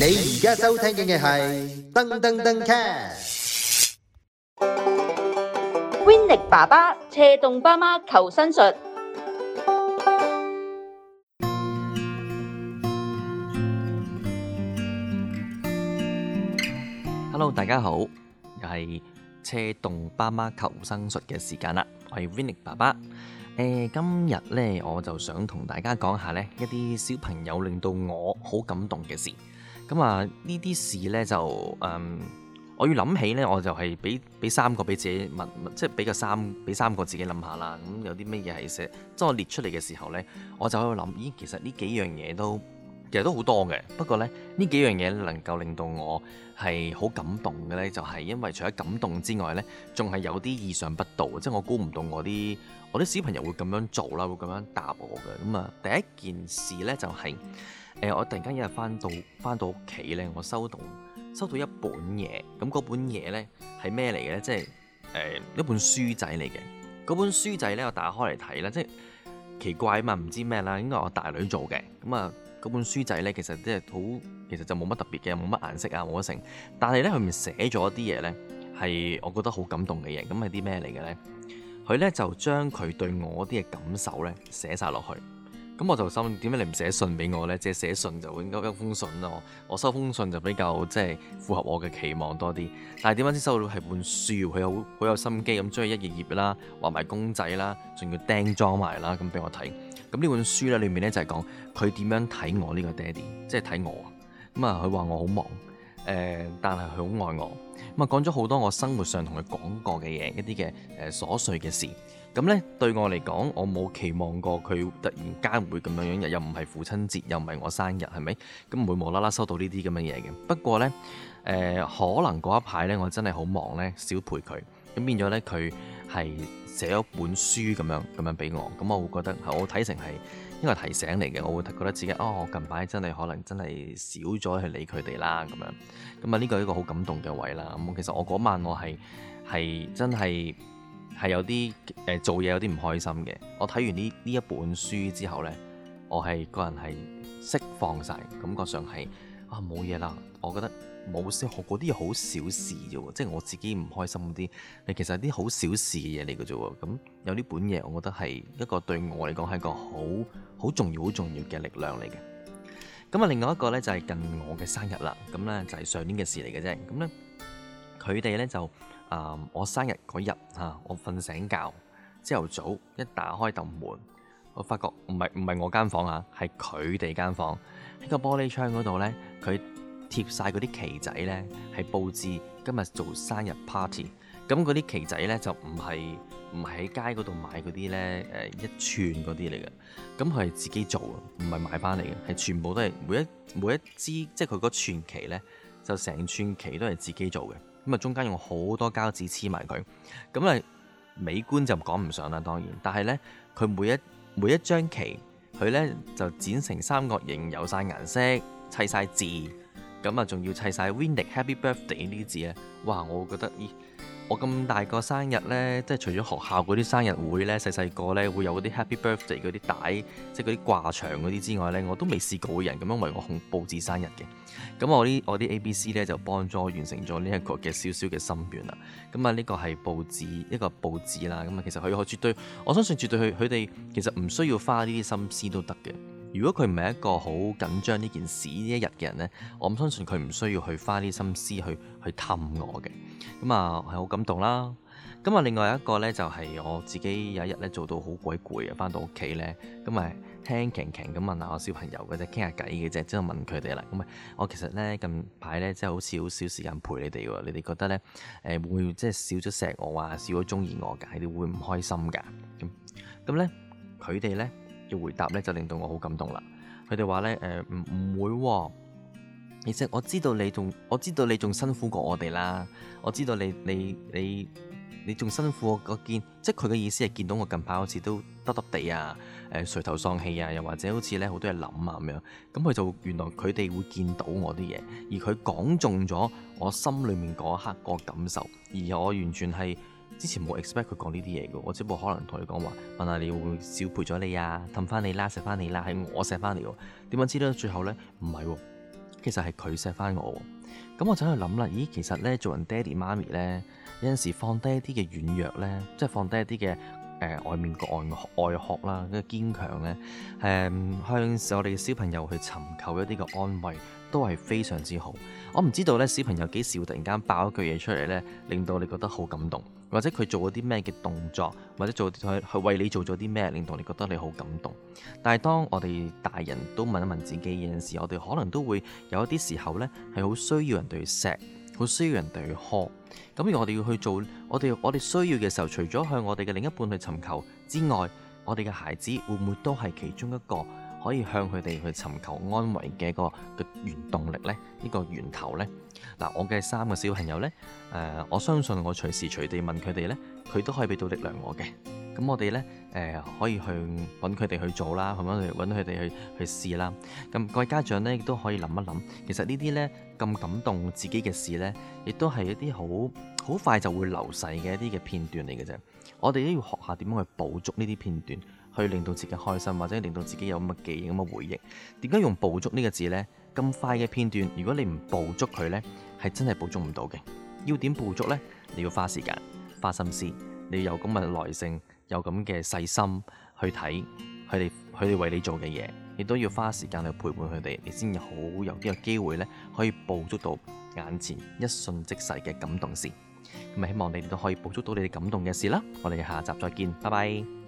你而家收聽嘅係噔噔噔 cast，Vinny 爸爸車動爸媽求生術。Hello，大家好，又係車動爸媽求生術嘅時間啦！我係 Vinny 爸爸。誒，今日呢，我就想同大家講下呢一啲小朋友令到我好感動嘅事。咁啊，呢啲事呢，就，嗯，我要諗起呢，我就係俾俾三個俾自己問，即係俾個三，俾三個自己諗下啦。咁有啲咩嘢係寫，即係我列出嚟嘅時候呢，我就喺度諗，咦，其實呢幾樣嘢都，其實都好多嘅。不過呢，呢幾樣嘢能夠令到我係好感動嘅呢，就係因為除咗感動之外呢，仲係有啲意想不到，即係我估唔到我啲我啲小朋友會咁樣做啦，會咁樣答我嘅。咁啊，第一件事呢，就係。誒、呃，我突然間一日返到返到屋企咧，我收到收到一本嘢，咁嗰本嘢咧係咩嚟嘅咧？即係誒、呃、一本書仔嚟嘅。嗰本書仔咧，我打開嚟睇咧，即係奇怪啊嘛，唔知咩啦，應該係我大女做嘅。咁啊，嗰本書仔咧，其實即係好，其實就冇乜特別嘅，冇乜顏色啊，冇乜成。但係咧，佢唔寫咗一啲嘢咧，係我覺得好感動嘅嘢。咁係啲咩嚟嘅咧？佢咧就將佢對我啲嘅感受咧寫晒落去。咁我就心點解你唔寫信俾我呢？即係寫信就會得一封信咯。我收封信就比較即係、就是、符合我嘅期望多啲。但係點解先收到係本書？佢好好有心機咁將佢一頁頁啦，畫埋公仔啦，仲要釘裝埋啦咁俾我睇。咁呢本書咧裏面咧就係講佢點樣睇我呢、這個爹哋，即係睇我。咁、嗯、啊，佢話我好忙，誒、呃，但係佢好愛我。咁、嗯、啊，講咗好多我生活上同佢講過嘅嘢，一啲嘅誒瑣碎嘅事。咁咧、嗯、對我嚟講，我冇期望過佢突然間會咁樣樣嘅，又唔係父親節，又唔係我生日，係咪？咁唔會無啦啦收到呢啲咁嘅嘢嘅。不過呢，誒、呃、可能嗰一排呢，我真係好忙呢，少陪佢，咁變咗呢，佢係寫咗本書咁樣咁樣俾我，咁我會覺得係我睇成係一個提醒嚟嘅，我會覺得自己哦，近排真係可能真係少咗去理佢哋啦咁樣。咁啊呢個係一個好感動嘅位啦。咁其實我嗰晚我係係真係。係有啲誒、呃、做嘢有啲唔開心嘅，我睇完呢呢一本書之後呢，我係個人係釋放晒，感覺上係啊冇嘢啦，我覺得冇事嗰啲嘢好小事啫喎，即係我自己唔開心啲，其實啲好小事嘅嘢嚟嘅啫喎，咁有呢本嘢我覺得係一個對我嚟講係個好好重要好重要嘅力量嚟嘅。咁啊，另外一個呢，就係、是、近我嘅生日啦，咁呢，呢，就係上年嘅事嚟嘅啫，咁呢，佢哋呢就。Um, 啊！我生日嗰日吓，我瞓醒覺，朝頭早一打開道門，我發覺唔係唔係我間房啊，係佢哋間房。喺個玻璃窗嗰度呢，佢貼晒嗰啲旗仔呢，係佈置今日做生日 party。咁嗰啲旗仔呢，就唔係唔係喺街嗰度買嗰啲呢，誒一串嗰啲嚟嘅。咁佢係自己做，唔係買翻嚟嘅，係全部都係每一每一支即係佢嗰串旗呢，就成串旗都係自己做嘅。咁啊，中間用好多膠紙黐埋佢，咁啊，美觀就講唔上啦，當然。但係呢，佢每一每一張旗，佢呢，就剪成三角形，有晒顏色，砌晒字，咁啊，仲要砌晒 Wendy Happy Birthday 呢啲字啊，哇！我覺得咦？我咁大個生日呢，即係除咗學校嗰啲生日會呢，細細個呢會有嗰啲 Happy Birthday 嗰啲帶，即係嗰啲掛牆嗰啲之外呢，我都未試過人咁樣為我控佈置生日嘅。咁我啲我啲 A B C 呢就幫助我完成咗呢一個嘅小小嘅心願、這個、啦。咁啊，呢個係佈置一個佈置啦。咁啊，其實佢可絕對我相信絕對佢佢哋其實唔需要花呢啲心思都得嘅。如果佢唔係一個好緊張呢件事呢一日嘅人呢，我唔相信佢唔需要去花啲心思去去氹我嘅。咁啊，係好、嗯、感動啦！咁啊，另外一個咧就係、是、我自己有一日咧做到好鬼攰啊，翻到屋企咧，咁、嗯、啊，聽傾傾咁問下我小朋友嘅啫，傾下偈嘅啫，之後問佢哋啦。咁、嗯、啊，我其實咧近排咧即係好似好少時間陪你哋喎，你哋覺得咧誒、呃、會即係少咗錫我啊，少咗中意我㗎，你會唔開心㗎？咁咁咧佢哋咧嘅回答咧就令到我好感動啦。佢哋話咧誒唔唔會喎、哦。其實我知道你仲我知道你仲辛苦過我哋啦。我知道你你你你仲辛苦我。我苦我，我見即係佢嘅意思係見到我近排好似都耷耷地啊，誒、呃、垂頭喪氣啊，又或者好似咧好多嘢諗啊咁樣。咁佢就原來佢哋會見到我啲嘢，而佢講中咗我心裏面嗰一刻個感受，而我完全係之前冇 expect 佢講呢啲嘢嘅。我只不過可能同佢講話問下你會唔會少陪咗你啊，氹翻你啦、啊，錫翻你啦、啊，係、啊啊、我錫翻你喎、啊。點樣知道最後咧？唔係喎。其實係佢錫翻我，咁我就喺度諗啦，咦，其實咧做人爹哋媽咪咧，有陣時放低一啲嘅軟弱咧，即係放低一啲嘅誒外面個外外殼啦，個堅強咧，誒、呃、向我哋嘅小朋友去尋求一啲嘅安慰，都係非常之好。我唔知道咧，小朋友幾時會突然間爆一句嘢出嚟咧，令到你覺得好感動。或者佢做咗啲咩嘅動作，或者做去係為你做咗啲咩，令到你覺得你好感動。但係當我哋大人都問一問自己嘅時候，我哋可能都會有一啲時候呢係好需要人哋去錫，好需要人哋去呵。咁如果我哋要去做，我哋我哋需要嘅時候，除咗向我哋嘅另一半去尋求之外，我哋嘅孩子會唔會都係其中一個？可以向佢哋去尋求安慰嘅個嘅原動力呢。呢、這個源頭呢，嗱、啊、我嘅三個小朋友呢，誒、呃、我相信我隨時隨地問佢哋呢，佢都可以俾到力量我嘅。咁我哋呢，誒、呃、可以去揾佢哋去做啦，去揾佢揾佢哋去去試啦。咁各位家長亦都可以諗一諗，其實呢啲呢，咁感動自己嘅事呢，亦都係一啲好好快就會流逝嘅一啲嘅片段嚟嘅啫。我哋都要學下點樣去捕捉呢啲片段。去令到自己開心，或者令到自己有咁嘅記憶、咁嘅回憶。點解用捕捉呢個字呢？咁快嘅片段，如果你唔捕捉佢呢，係真係捕捉唔到嘅。要點捕捉呢？你要花時間、花心思，你有咁嘅耐性，有咁嘅細心去睇佢哋，佢哋為你做嘅嘢，亦都要花時間去陪伴佢哋，你先至好有呢個機會呢，可以捕捉到眼前一瞬即逝嘅感動事。咁咪希望你哋都可以捕捉到你哋感動嘅事啦。我哋下集再見，拜拜。